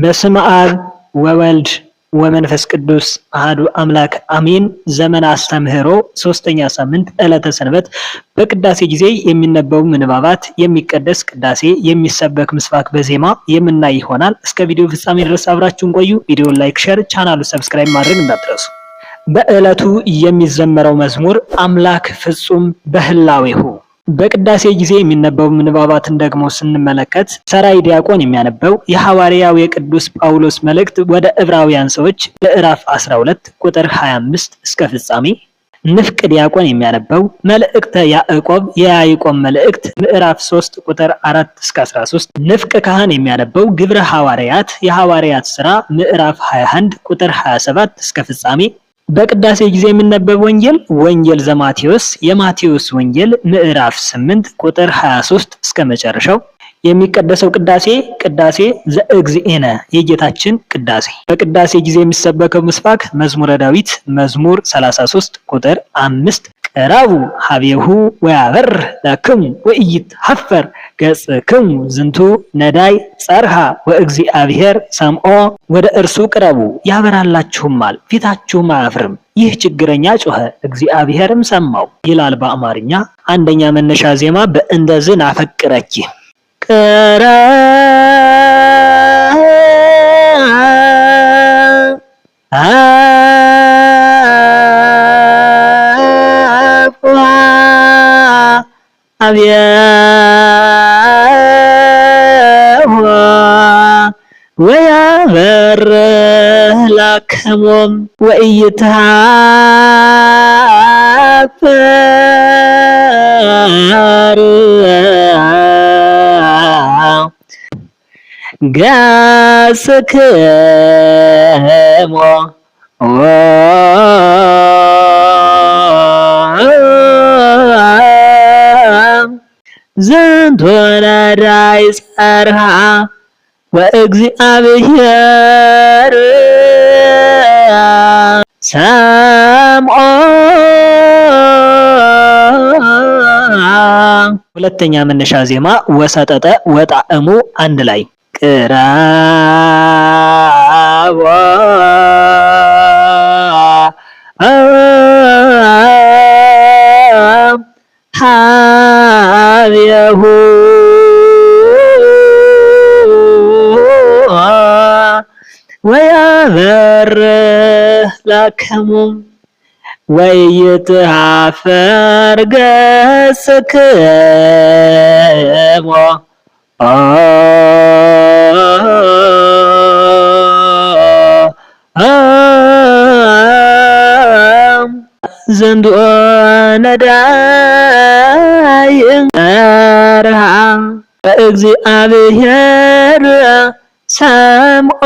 በስመ አብ ወወልድ ወመንፈስ ቅዱስ አህዱ አምላክ አሜን። ዘመን አስተምህሮ ሶስተኛ ሳምንት ዕለተ ሰንበት በቅዳሴ ጊዜ የሚነበቡ ምንባባት፣ የሚቀደስ ቅዳሴ፣ የሚሰበክ ምስባክ በዜማ የምናይ ይሆናል። እስከ ቪዲዮ ፍጻሜ ድረስ አብራችሁን ቆዩ። ቪዲዮን ላይክ፣ ሸር፣ ቻናሉ ሰብስክራይብ ማድረግ እንዳትረሱ። በዕለቱ የሚዘመረው መዝሙር አምላክ ፍጹም በህላዌሁ በቅዳሴ ጊዜ የሚነበቡ ምንባባትን ደግሞ ስንመለከት ሰራይ ዲያቆን የሚያነበው የሐዋርያው የቅዱስ ጳውሎስ መልእክት ወደ ዕብራውያን ሰዎች ምዕራፍ 12 ቁጥር 25 እስከ ፍጻሜ፣ ንፍቅ ዲያቆን የሚያነበው መልእክተ ያዕቆብ የያዕቆብ መልእክት ምዕራፍ 3 ቁጥር 4 እስከ 13፣ ንፍቅ ካህን የሚያነበው ግብረ ሐዋርያት የሐዋርያት ሥራ ምዕራፍ 21 ቁጥር 27 እስከ ፍጻሜ በቅዳሴ ጊዜ የሚነበብ ወንጌል ወንጌል ዘማቴዎስ የማቴዎስ ወንጌል ምዕራፍ 8 ቁጥር 23 እስከ መጨረሻው። የሚቀደሰው ቅዳሴ ቅዳሴ ዘእግዚእነ የጌታችን ቅዳሴ። በቅዳሴ ጊዜ የሚሰበከው ምስባክ መዝሙረ ዳዊት መዝሙር 33 ቁጥር 5 ቀራቡ ሀቤሁ ወያበር ለክሙ ወእይት ሀፈር ገጽ ክም ዝንቱ ነዳይ ጸርሃ ወእግዚአብሔር ሰምዖ ወደ እርሱ ቅረቡ ያበራላችሁማል፣ ፊታችሁም አያፍርም። ይህ ችግረኛ ጮኸ እግዚአብሔርም ሰማው ይላል በአማርኛ። አንደኛ መነሻ ዜማ በእንደዝን አፈቅረኪ ቅረ አብየ ويبره لكم وإيتعثر قاسكم زندون رايس أرها ወእግዚአብሔር ሰምዖ ሁለተኛ መነሻ ዜማ ወሰጠጠ ወጣዕሙ አንድ ላይ ቅራቦ ወያበርህ ላከሙ ወይትሃፈር ገጽክሞ ዘንድኦ ነዳይ እርሃ በእግዚአብሔር ሰምዖ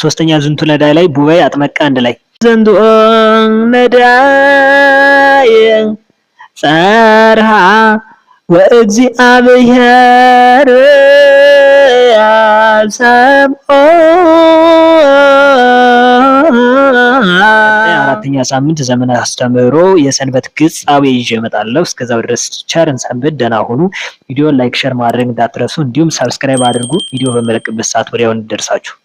ሶስተኛ ዝንቱ ነዳይ ላይ ቡባኤ አጥመቃ አንድ ላይ ዘንድኦ ነዳይ ጸርሃ ወእግዚአብሔር ሰምዖ በአራተኛ ሳምንት ዘመን አስተምህሮ የሰንበት ግጻዊ ይዤ እመጣለሁ። እስከዛው ድረስ ቸርን ሰንብት፣ ደህና ሁኑ። ቪዲዮ ላይክ፣ ሸር ማድረግ እንዳትረሱ፣ እንዲሁም ሰብስክራይብ አድርጉ። ቪዲዮ በመለቅበት ሰዓት ወዲያው ደርሳችሁ